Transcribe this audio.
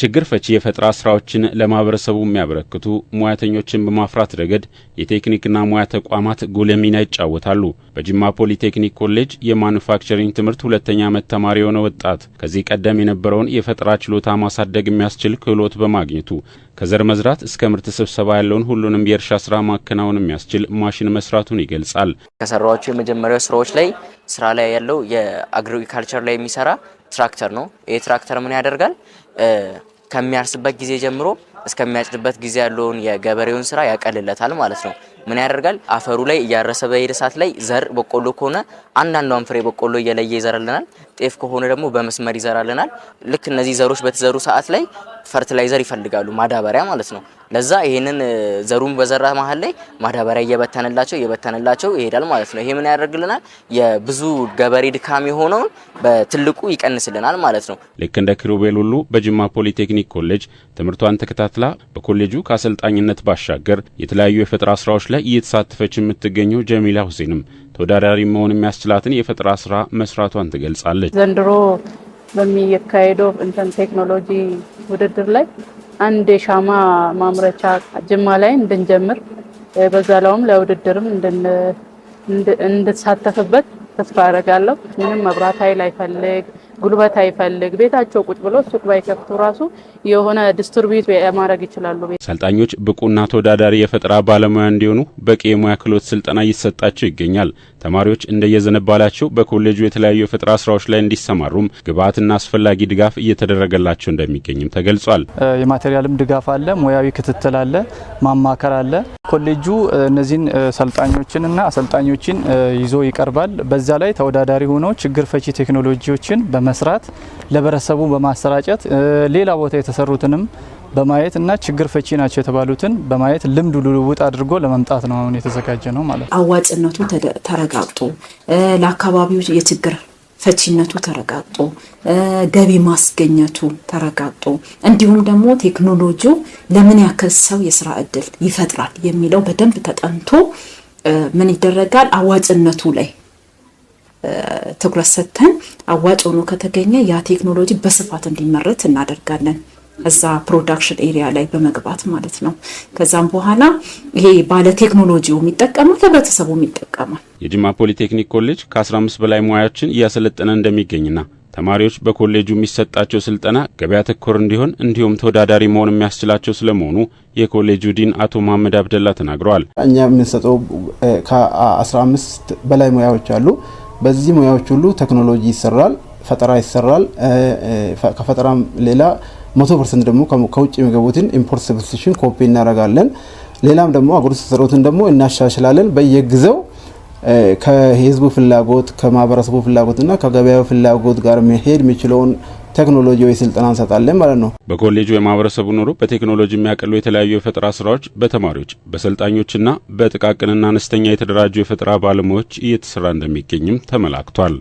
ችግር ፈቺ የፈጠራ ስራዎችን ለማህበረሰቡ የሚያበረክቱ ሙያተኞችን በማፍራት ረገድ የቴክኒክና ሙያ ተቋማት ጉልህ ሚና ይጫወታሉ። በጅማ ፖሊቴክኒክ ኮሌጅ የማኑፋክቸሪንግ ትምህርት ሁለተኛ ዓመት ተማሪ የሆነ ወጣት ከዚህ ቀደም የነበረውን የፈጠራ ችሎታ ማሳደግ የሚያስችል ክህሎት በማግኘቱ ከዘር መዝራት እስከ ምርት ስብሰባ ያለውን ሁሉንም የእርሻ ስራ ማከናወን የሚያስችል ማሽን መስራቱን ይገልጻል። ከሰራቸው የመጀመሪያው ስራዎች ላይ ስራ ላይ ያለው የአግሪካልቸር ላይ የሚሰራ ትራክተር ነው። ይህ ትራክተር ምን ያደርጋል? ከሚያርስበት ጊዜ ጀምሮ እስከሚያጭድበት ጊዜ ያለውን የገበሬውን ስራ ያቀልለታል ማለት ነው። ምን ያደርጋል? አፈሩ ላይ እያረሰ በሄደ ሰዓት ላይ ዘር በቆሎ ከሆነ አንዳንዷን ፍሬ በቆሎ እየለየ ይዘራልናል። ጤፍ ከሆነ ደግሞ በመስመር ይዘራልናል። ልክ እነዚህ ዘሮች በተዘሩ ሰዓት ላይ ፈርትላይዘር ይፈልጋሉ፣ ማዳበሪያ ማለት ነው። ለዛ ይሄንን ዘሩን በዘራ መሀል ላይ ማዳበሪያ እየበተንላቸው እየበተንላቸው ይሄዳል ማለት ነው። ይሄ ምን ያደርግልናል? የብዙ ገበሬ ድካም የሆነውን በትልቁ ይቀንስልናል ማለት ነው። ልክ እንደ ኪሩቤል ሁሉ በጅማ ፖሊቴክኒክ ኮሌጅ ትምህርቷን ተከታ ተከታትላ በኮሌጁ ከአሰልጣኝነት ባሻገር የተለያዩ የፈጠራ ስራዎች ላይ እየተሳተፈች የምትገኘው ጀሚላ ሁሴንም ተወዳዳሪ መሆን የሚያስችላትን የፈጠራ ስራ መስራቷን ትገልጻለች። ዘንድሮ በሚካሄደው እንትን ቴክኖሎጂ ውድድር ላይ አንድ የሻማ ማምረቻ ጅማ ላይ እንድንጀምር በዛ ላውም ለውድድርም እንድንሳተፍበት ተስፋ አደርጋለሁ። ምንም መብራት ኃይል አይፈልግ ጉልበት አይፈልግ ቤታቸው ቁጭ ብሎ ሱቅ ባይከፍቱ ራሱ የሆነ ዲስትሪቢዩት ማድረግ ይችላሉ። ሰልጣኞች ብቁና ተወዳዳሪ የፈጠራ ባለሙያ እንዲሆኑ በቂ የሙያ ክህሎት ስልጠና እየተሰጣቸው ይገኛል። ተማሪዎች እንደየዘነባላቸው በኮሌጁ የተለያዩ የፈጠራ ስራዎች ላይ እንዲሰማሩም ግብአትና አስፈላጊ ድጋፍ እየተደረገላቸው እንደሚገኝም ተገልጿል። የማቴሪያልም ድጋፍ አለ፣ ሙያዊ ክትትል አለ፣ ማማከር አለ። ኮሌጁ እነዚህን ሰልጣኞችንና አሰልጣኞችን ይዞ ይቀርባል። በዛ ላይ ተወዳዳሪ ሆነው ችግር ፈቺ ቴክኖሎጂዎችን በመስራት ለህብረተሰቡ በማሰራጨት ሌላ ቦታ የተሰሩትንም በማየት እና ችግር ፈቺ ናቸው የተባሉትን በማየት ልምድ ልውውጥ አድርጎ ለመምጣት ነው አሁን የተዘጋጀ ነው ማለት ነው። አዋጭነቱ ተረጋግጦ ለአካባቢው የችግር ፈቺነቱ ተረጋግጦ ገቢ ማስገኘቱ ተረጋግጦ እንዲሁም ደግሞ ቴክኖሎጂው ለምን ያክል ሰው የስራ እድል ይፈጥራል የሚለው በደንብ ተጠንቶ ምን ይደረጋል አዋጭነቱ ላይ ትኩረት ሰጥተን አዋጭ ሆኖ ከተገኘ ያ ቴክኖሎጂ በስፋት እንዲመረት እናደርጋለን። ከዛ ፕሮዳክሽን ኤሪያ ላይ በመግባት ማለት ነው። ከዛም በኋላ ይሄ ባለ ቴክኖሎጂው የሚጠቀማል፣ ህብረተሰቡ ይጠቀማል። የጅማ ፖሊቴክኒክ ኮሌጅ ከ15 በላይ ሙያዎችን እያሰለጠነ እንደሚገኝና ተማሪዎች በኮሌጁ የሚሰጣቸው ስልጠና ገበያ ተኮር እንዲሆን እንዲሁም ተወዳዳሪ መሆን የሚያስችላቸው ስለመሆኑ የኮሌጁ ዲን አቶ መሀመድ አብደላ ተናግረዋል። እኛ የምንሰጠው ከ15 በላይ ሙያዎች አሉ። በዚህ ሙያዎች ሁሉ ቴክኖሎጂ ይሰራል። ፈጠራ ይሰራል። ከፈጠራም ሌላ መቶ ፐርሰንት ደግሞ ከውጭ የሚገቡትን ኢምፖርት ሰብስቲሽን ኮፒ እናደርጋለን። ሌላም ደግሞ አገር ውስጥ ደግሞ እናሻሽላለን። በየጊዜው ከህዝቡ ፍላጎት ከማህበረሰቡ ፍላጎትና ከገበያው ፍላጎት ጋር መሄድ የሚችለውን ቴክኖሎጂ ስልጠና እንሰጣለን ማለት ነው። በኮሌጁ የማህበረሰቡ ኑሮ በቴክኖሎጂ የሚያቀሉ የተለያዩ የፈጠራ ስራዎች በተማሪዎች በሰልጣኞችና በጥቃቅንና አነስተኛ የተደራጁ የፈጠራ ባለሙያዎች እየተሰራ እንደሚገኝም ተመላክቷል።